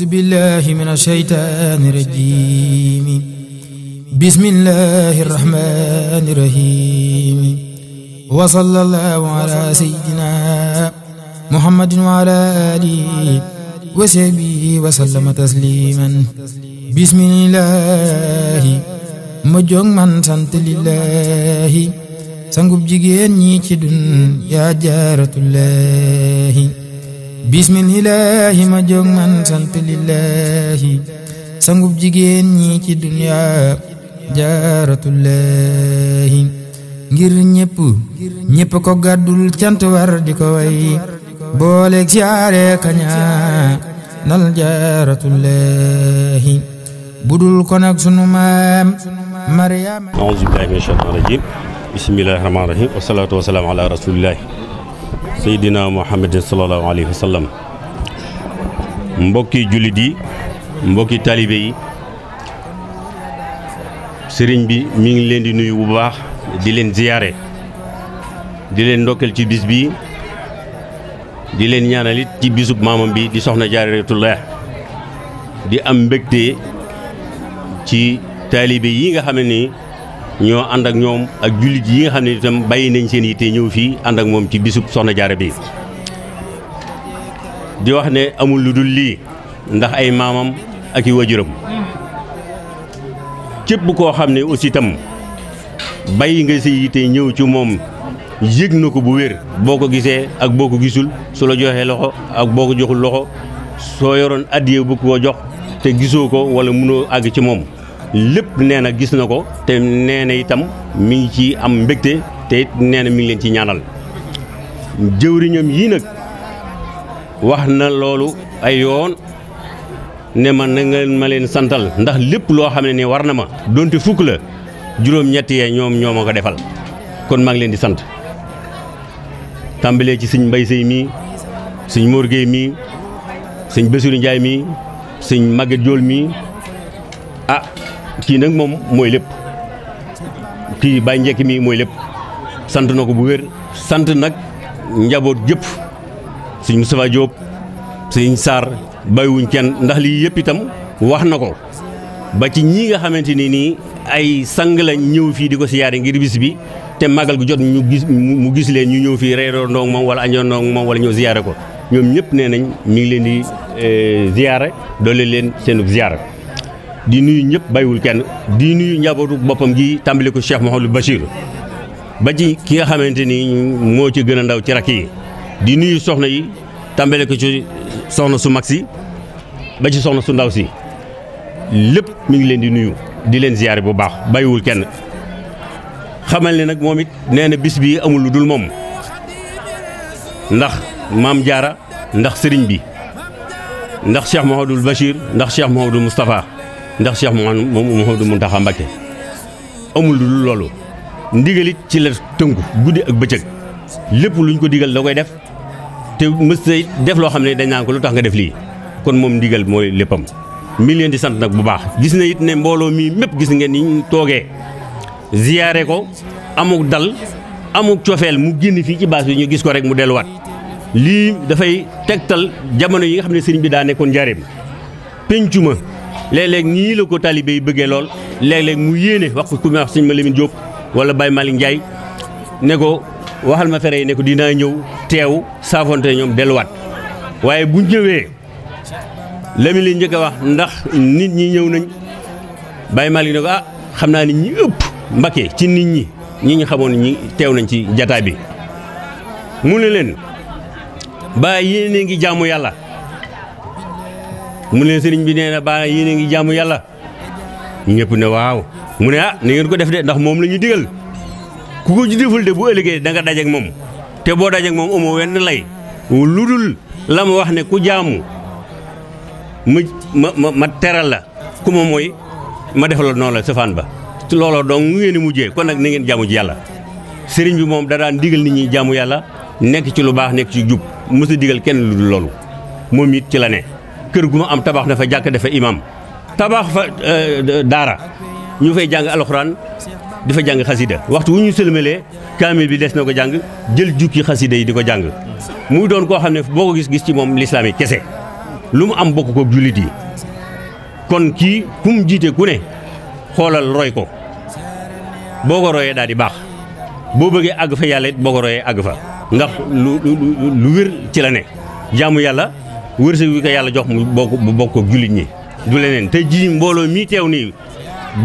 أعوذ بالله من الشيطان الرجيم بسم الله الرحمن الرحيم وصلى الله على سيدنا محمد وعلى آله وصحبه وسلم تسليما بسم الله ma jóg man sant lillahi sangub jigéen ñi ci dun yaa jaaratullahi bismillaahi ma jóg man sant lillaahi sangub jigéen ñi ci duniyaa jaaratullaahi ngir ñépp ñépp ko gàddul cant war di ko way booleeg siyaare nal jaaratullaahi budul ko nag sunu maam Mariama auzu billaahi mina shaytaani rajiim bismillaahi rahmaani rahiim wasalaatu wasalaam ala rasuulillaahi seydina muhammadin sallallahu alayhi wa sallam mbokki jullit yi mbokki taalibe yi sëriñ bi mi ngi leen di nuyu bu baax di leen ziyaare di leen ndokkeel ci bis bi di leen ñaanalit ci bisu maamam bi di soxna jaaratullah di am mbégte ci taalibe yi nga xam ne nii ñoo ànd ak ñoom ak jullit yi nga xam ne itam bàyyi nañ seen yitte ñëw fii ànd ak moom ci bisub soxna jaara bi di wax ne amul lu dul lii ndax ay maamam ak i wajuram képp koo xam ne aussi itam bàyyi nga sa yitte ñëw ci moom yëg na ko bu wér boo ko gisee ak boo ko gisul su la joxee loxo ak boo ko joxul loxo soo yoroon addiye bu ko jox te gisoo ko wala mënoo àgg ci moom lépp nee na gis na ko te nee na itam mi ngi ci am mbégte te nee na mi leen ci ñaanal jëwriñam yii nag wax na loolu ay yoon ne ma na ma leen santal ndax lépp loo xam ne ni war na ma donte fukk la juróom-ñett yee ñoom ñoo ma ko defal kon maa leen di sant tàmbalee ci sëñ Mbay Sey mii sëñ Mor Gueye mii sëñ Bassirou Ndiaye mii sëñ Maguette Diol mii kii nag moom mooy lépp kii Baye Ndiéki mi mooy lépp sant na ko bu wér sant nag njaboot gépp sëñ Moustapha Diop sëñ Sarr bàyyiwuñ kenn ndax lii yëpp itam wax na ko ba ci ñii nga xamante ni nii ay sang lañ ñëw fii di ko siyaare ngir bis bi te magal gu jot ñu gis mu gis leen ñu ñëw fii reeroo ndoog moom wala añoo ndoog moom wala ñëw siyaare ko ñoom ñëpp nee nañ mi ngi leen di eh, siyaare doole leen seenu siyaare di nuyu ñëpp bàyyiwul kenn di nuyu njabootu boppam gi tàmbali ko Cheikh Mouhamadou Bachir ba ci ki nga xamante ni moo ci gën ndaw ci rakk yi di nuyu soxna yi tàmbale ko ci soxna su mag si ba ci soxna su ndaw si lépp mi ngi leen di nuyu di leen ziyaare bu baax bàyyiwul kenn xamal ne nag moom it nee na bis bii amul lu dul moom ndax maam jaara ndax sëriñ bi ndax Cheikh Mouhamadou Bachir ndax Cheikh Mouhamadou Moustapha ndax Cheikh Mouhamadou mu Mbacké amul lu loolu ndigalit ci la tënku guddi ak bëccëg lépp luñ ko digal da koy def te mës def loo xam ne dañ naan lu tax nga def lii kon moom ndigal mooy léppam mi leen di sant nag bu baax gis na it ne mbooloo mii mépp gis ngeen ni toogee ziyaare ko amuk dal amuk cofeel mu génn fii ci baas bi ñu gis ko rek mu delluwaat lii dafay tegtal jamono yi nga xam ne sëriñ bi daa nekkoon njaareem péncu ma léeg-léeg nii la ko taalibe yi bëggee lool léeg-léeg mu yéene wax ko ku ma wax sëñ ma Lamine Diop wala bay Malick Ndiaye ne ko waxal ma fere yi ne ko dinaa ñëw teew saafonte ñoom delluwaat waaye bu ñëwee Lamine li a wax ndax nit ñi ñëw nañ bay Malick ne ko ah xam naa nit ñi ëpp Mbakke ci nit ñi ñi ñu xamoon ñi teew nañ ci jataay bi mu ne leen ba yéene ngi jaamu yàlla mu ne sëriñ bi nee na baa yii a ngi jaamu yàlla ñëpp ne waaw mu ne ah ni ngeen ko def de ndax moom la ñu digal ku ko ci de bu ëllëgee da nga dajeek moom te boo dajeek moom amoo wenn lay lu dul la ma wax ne ku jaamu mu ma ma teral la ku ma mooy ma def la noonu la safaan ba te looloo donc mu ngeen di mujjee kon nag na ngeen jaamu ci yàlla sëriñ bi moom da daan digal nit ñi jaamu yàlla nekk ci lu baax nekk ci jub mës a digal kenn lu dul loolu moom it ci la kër gu ma am tabax na fa jàkk dafa imam tabax fa euh, daara ñu fay jàng alxuraan di fa jàng xasida waxtu wu ñu sëlmalee kaamil bi des na ko jàng jël jukki xasida yi di ko jàng muy doon koo xam ne boo ko gis-gis ci moom lislaam yi kese lu mu am bokk ko jullit yi kon kii ku jiite ku ne xoolal roy ko boo ko royee daal di baax boo bëggee àgg fa yàlla boo ko royee àgg fa ndax lu lu wér ci la ne jaamu yàlla wërsëg wi ko yàlla jox mu bokk bu bokk ak ñi du leneen te ji mbooloo mii teew nii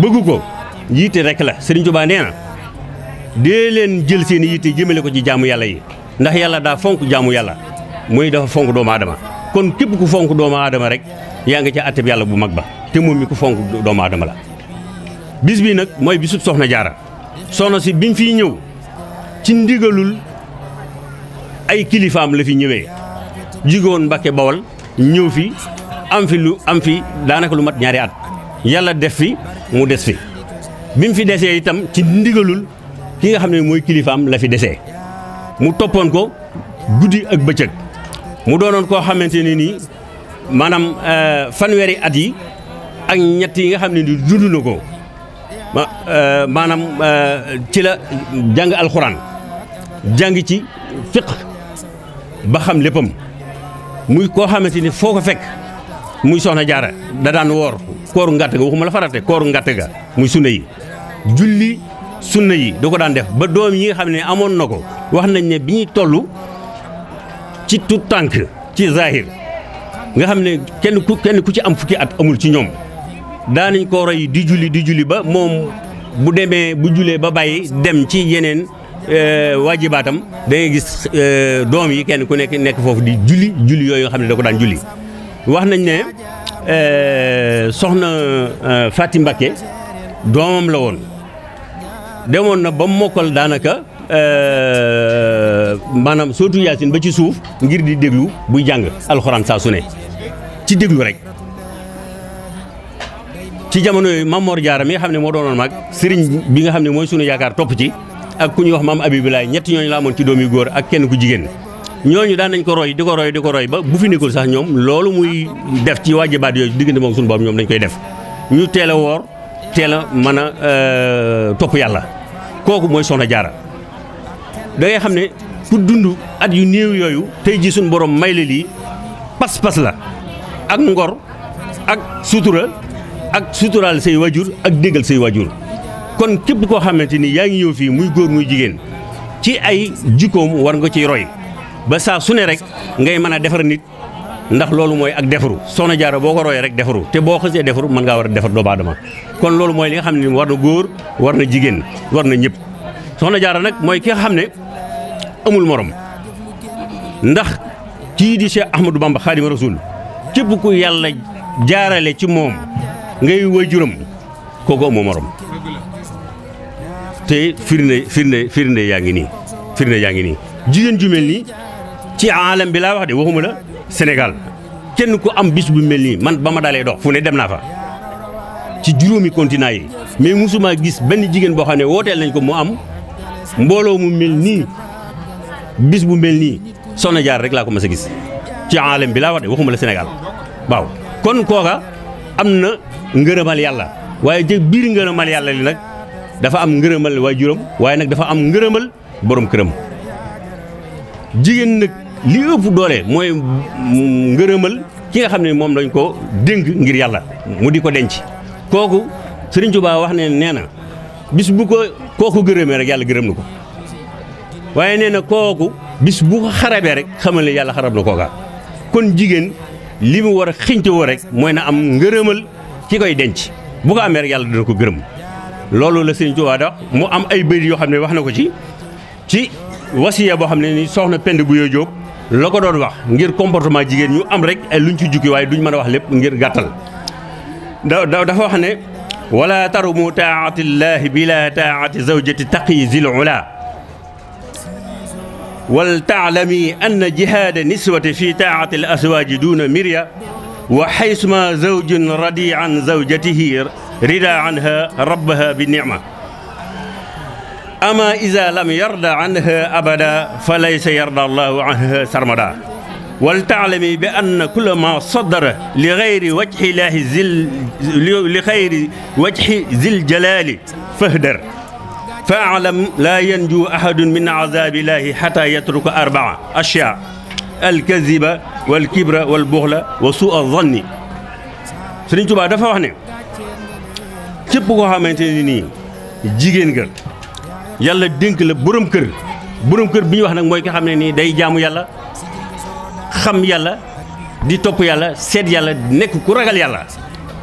bëggu ko yitte rek la Serigne Touba nee na dee leen jël seen yitte jëmale ko ci jaamu yàlla yi ndax yàlla daa fonk jaamu yàlla mooy dafa fonk doomu aadama kon képp ku fonk doomu aadama rek yaa ngi ci àtteb yàlla bu mag ba te moom ku fonk doomu aadama la bis bi nag mooy bisub soxna jaara soxna si bi mu fiy ñëw ci ndigalul ay kilifaam la fi ñëwee jóge woon Mbàkke Bawol ñëw fi am fi lu am fi daanaka lu mat ñaari at yàlla def fi mu des fi bi mu fi desee itam ci ndigalul ki nga xam ne mooy kilifaam la fi desee mu toppoon ko guddi ak bëccëg mu doonoon koo xamante ne nii maanaam euh, fanweeri at yi ak ñett yi nga xam ne ni dund na ko euh, maanaam euh, ci la jàng alxuraan jàng ci fiq ba xam léppam muy koo xamante ne foo ko fekk muy soxna jaara da daan woor kooru ngàtt ga waxuma la farate kooru ngàtt ga muy sunna yi julli sunna yi da ko daan def ba doom yi nga xam ne amoon na ko wax nañ ne bi ñuy toll ci tout tànk ci zahir nga xam ne kenn ku kenn ku ci am fukki at amul ci ñoom daanañ ko roy di julli di julli ba moom bu demee bu julee ba bàyyi dem ci yeneen Euh, waajibaatam da ngay gis euh, doom yi kenn ku nekk nekk foofu di julli julli yooyu nga xam ne da ko daan julli wax nañ ne euh, soxna Fatim Mbakke doomam la woon demoon na ba mokkal daanaka maanaam sootu yaasin ba ci suuf ngir di déglu buy jàng alxuraan saa su ci déglu rek ci jamono yooyu Mamor Jaara mi nga xam ne moo doonoon mag sëriñ bi nga xam ne mooy sunu yaakaar topp ci ak ku ñuy wax maam Abibilaay ñett ñooñu la amoon ci doom yu góor ak kenn ku jigéen ñooñu daan nañ ko roy di ko roy di ko roy ba bu fi nekkul sax ñoom loolu muy def ci waajibaat yooyu diggante moom suñu boobu ñoom dañ koy def ñu teel a woor teel a mën a euh, topp yàlla kooku mooy soxna jaara da ngay xam ne ku dund at yu néew yooyu tey ji suñu borom may la lii pas-pas la ak ngor ak sutura ak suturaal say wajur ak déggal say waajur kon képp koo xamante ni yaa ngi ñëw fii muy góor muy jigéen ci ay jikkoom war nga ci roy ba saa su ne rek ngay mën a defar nit ndax loolu mooy ak defaru soxna jaara boo ko royee rek defaru te boo xasee defaru mën ngaa war a defar doomu aadama kon loolu mooy li nga xam ne war na góor war na jigéen war na ñëpp soxna jaara nag mooy ki nga xam ne amul morom ndax kii di Cheikh Ahmadou Bamba Xaadimu Rasuul képp ku yàlla jaarale ci moom ngay waajuram kooku amoo morom. te firnde firnde firnde yaa ngi nii firnde yaa ngi nii jigéen ju mel nii ci alam bi laa wax de waxuma la Sénégal kenn ku am bis bu mel nii man ba ma dalee dox fu ne dem naa fa ci juróomi continent yi mais musuma gis benn jigéen boo xam ne wooteel nañ ko mu am mbooloo mu mel nii bis bu mel nii Soxna jaar rek laa ko mës a gis ci alam bi laa wax de waxuma la Sénégal waaw kon kooka am na ngërëmal yàlla waaye jëg biir ngërëmal yàlla li nag dafa am ngërëmal juróom waaye nag dafa am ngërëmal borom këram jigéen nag li ëpp doole mooy ngërëmal ki nga xam ne moom dañ ko dénk ngir yàlla mu di ko denc kooku Sëriñ Tuubaa wax ne nee na bis bu ko kooku gërëmee rek yàlla gërëm na ko waaye nee na kooku bis bu ko xarabee rek xamal yàlla xarab na kooka kon jigéen li mu war a xinc woo rek mooy na am ngërëmal ki koy denc bu ko amee rek yàlla dina ko gërëm loolu la sëñ Tuubaa mu am ay bëri yoo xam ne wax na ko ci ci wasiya boo xam ne ni soxna Pend bu yoo jóg ko doon wax ngir comportement jigéen ñu am rek ay luñ ci jukki waaye duñ mën a wax lépp ngir gàttal da dafa wax ne wala tarumu taatillahi bila taati zawjati taqi zil ula wal taalami ann jihaada niswati fi taati al wa xaysuma zawjun radi an zawjatihi rida anha rabbaha bi nicma ama iza lam yarda anha abada fa laysa yarda allahu anha sarmada wal taalami bi anna kulla ma sadara li xayri wajhi laahi zil li xayri wajhi zil jalaali fahdar fa alam laa yanju ahadun min azabi laahi xata yatruka arbaa ashyaa alkaziba walkibra walbuxla wa suu a zanni Sëriñ Tuubaa dafa wax ne képp koo xamante ne nii jigéen nga yàlla dénk la borom kër borom kër bi ñu wax nag mooy ki xam ne nii day jaamu yàlla xam yàlla di topp yàlla seet yàlla nekk ku ragal yàlla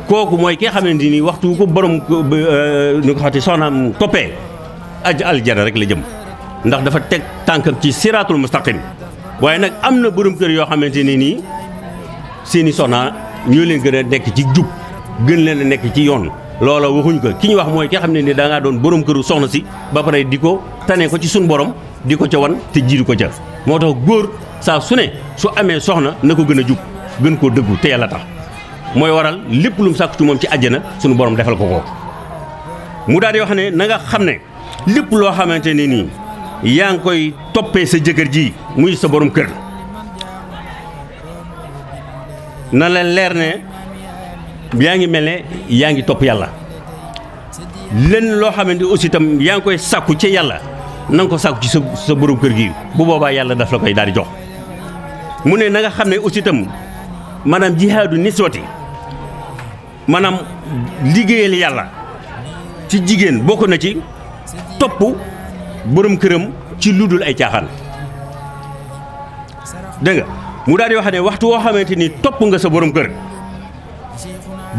kooku mooy ki xam ne nii waxtu ko borom ñu euh, ko xati soxnaam toppee aj aljana rek la jëm ndax dafa teg tànkam ci siraatul mustaqim waaye nag am na borom kër yoo xamante ne nii seeni soxna ñoo leen gën a nekk ci jub gën leen a nekk ci yoon loola waxuñ ko ki ñu wax mooy ki xam ne nii da doon borom këru soxna si ba pare di ko tane ko ci suñ borom di ko ca wan te jiitu ko ca moo tax góor saa su ne su amee soxna na ko gën a jub gën koo dëggu te yàlla tax mooy waral lépp lum mu sàkku ci moom ci àjjana suñu borom defal ko ko mu daal di wax ne nanga xam ne lépp loo xamante ne nii yaa ngi koy toppee sa jëkkër ji muy sa borom kër na la leer ne yaa ngi mel ne yaa ngi topp yàlla lenn loo xamante aussi itam yaa ngi koy sàkku ci yàlla nanga ko sàkku ci sa sa borom kër gi bu boobaa yàlla daf la koy daal jox mu ne nanga xam ne aussi itam maanaam jihaadu sooti maanaam liggéeyal yàlla ci jigéen bokk na ci topp borom këram ci lu dul ay caaxaan dégg nga mu daal di wax ne waxtu woo xamante ni topp nga sa borom kër.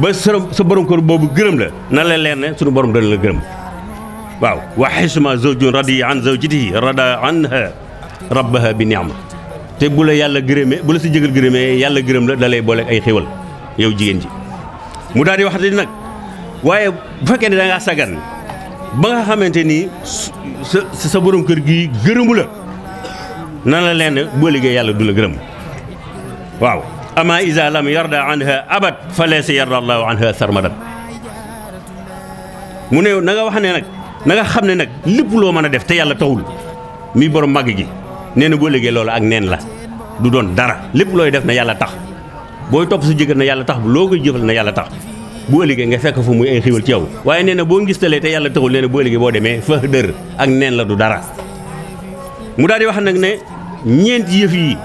ba sa borom kër boobu gërëm la na la leen ne sunu borom dana la gërëm waaw wax wa xisma zawjun radi an zawjatihi rada anha rabbaha bi niama te bu la yàlla gërëmee bu la si jëgal gërëmee yàlla gërëm la dalay lay boole ay xéwal yow jigéen ji mu daal di wax nag waaye bu fekkee ne da ngaa sagan ba nga xamante ni sa sa borom kër gi gërëmu la na la leen bu liggéey yàlla du la gërëm waaw ama isa lam yarda anha abad fa laysa yarda mu ne na nga wax ne nag na nga xam ne nag lépp loo mën a def te yàlla taxul mi borom màgg gi nee na boo léegee loolu ak neen la du doon dara lépp looy def na yàlla tax booy topp su jëkkër na yàlla tax bu loo koy jëfal na yàlla tax bu ëllëgee nga fekk fu muy ay xiwal ci yow waaye nee na boo ngistalee te yàlla taxul nee na bu ëllëgee boo demee fa ak neen la du dara mu daal di wax nag ne ñeent yëf yi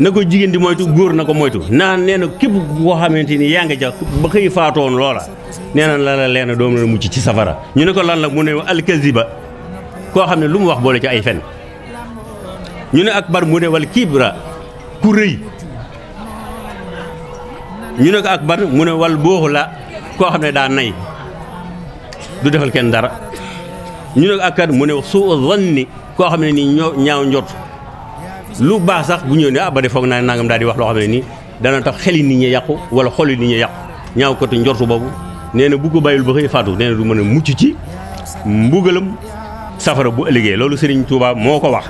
na ko jigéen di moytu góor na ko moytu naa nee na képp koo xamante ni yaa ngi jax ba xëy faatoon loola nee na la la leen la mucc ci safara ñu ne ko lan la mu ne alkaziba koo xam ne lu mu wax boole ci ay fen ñu ne akbar mu ne wal kibra ku rëy ñu ne ko akbar mu ne wal booxu la koo xam ne daa nay du defal kenn dara ñu ne ko akkar mu ne suu ni koo xam ne nii ñoo ñaaw njot lu baax sax bu ñëw ne ah ba de foog naa nangam daal di wax loo xam ne nii dana tax xeli nit ñi yàqu wala xoli nit ñi yàqu ñaaw ko te njortu boobu nee na bu ko bàyyil ba xëy faatu nee na du mën a mucc ci mbugalam safara bu ëllëgee loolu Serigne tuubaab moo ko wax.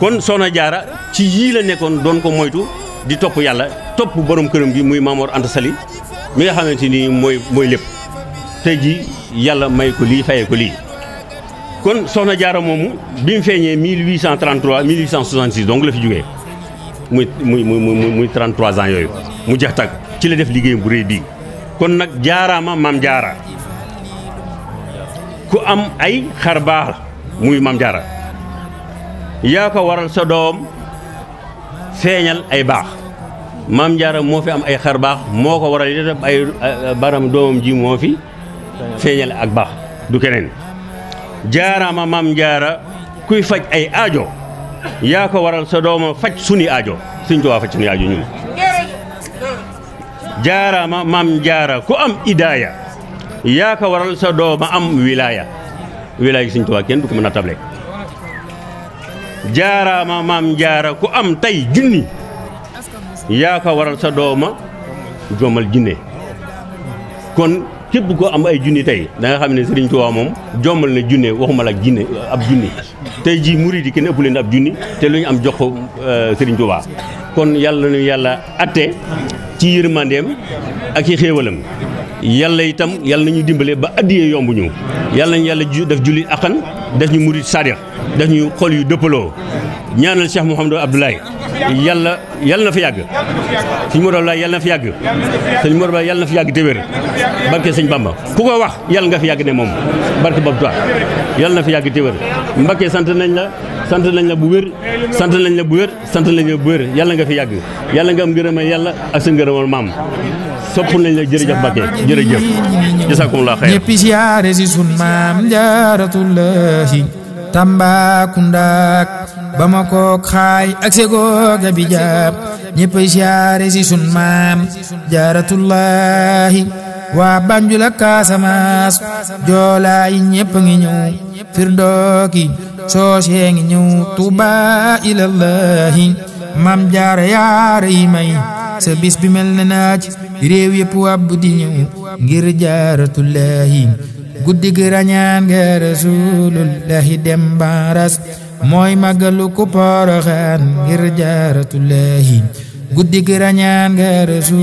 kon Soxna Jaara ci yii la nekkoon doon ko moytu di topp yàlla topp borom këram gi muy Mamoor Anta Sali mi nga xamante ni mooy mooy lépp tey ji yàlla may ko lii fayee ko lii. kon soxna jaara moomu bi mu feeñee 1833 1866 donc la fi jógee muy muy muy muy 33 ans yooyu mu jax takk ci la def liggéeyam bu rëy bii kon nag jaaraama maam jaara ku am ay xar baax muy maam jaara yaa ko waral sa doom feeñal ay baax maam jaara moo fi am ay xar baax moo ko waral itam ay baram doomam ji moo fi feeñal ak baax du keneen jaaraama maam jaara kuy faj ay aajo yaa ko waral sa faj suni aajo suñ tubaa faj suni aajo ñun jaaraama maam jaara ku am idaaya yaa waral sa dooma am wilaaya wilaaya suñ tubaa kenn du ko mën a table jaaraama maam jaara ku am tey junni yaa ko waral sa dooma jomal kon képp ko am ay junni tey da nga xam ne Serigne Touba moom jombal na junne waxuma la jinne ab junni tey jii murid yi kenn ëpp leen ab junni te lu ñu am jox ko euh, Serigne kon yàlla nu yàlla atte ci yërmandeem ak i xéewalam yàlla itam yàlla nañu dimbale ba addiyee yomb ñu yàlla nañu yàlla def julli akkan def ñu murit sadiq def ñu xol yu dëppaloo ñaanal Cheikh Mouhamadou Abdoulaye yàlla yàlla na fi yàgg sëñ Modou Abdoulaye yàlla na fi yàgg sëñ Modou Abdoulaye yàlla fi yàgg te wér barke sëñ Bamba ku ko wax yàlla nga fi yàgg ne moom barke Bob Touba yàlla na fi yàgg te wér Mbakke sant nañ la sant nañ la bu wér sant nañ la bu wér sant nañ la bu wér yàlla nga fi yàgg yàlla nga am ngërëmal yàlla ak sa ngërëmal maam sopp nañ la jërëjëf Mbacke jërëjëf jazakumullah xayr ñëpp siyaare si sun maam jaaratullahi Tambacounda Bamako xaay ak Ségou ga bi jaab ñëpp siyaare si sun maam jaaratullahi waa Banjul ak Casamance Joola yi ngi ñëw Firdooki soosee ngi ñëw Tuuba maam jaara yaara yi may sa bis bi ne naaj réew yëpp wàbb di ñu ngir jaaratullahi guddi gi rañaan nga rasulullahi dem baras mooy màggalu ku poroxaan ngir jaaratullahi guddi gi rañaan nga rasul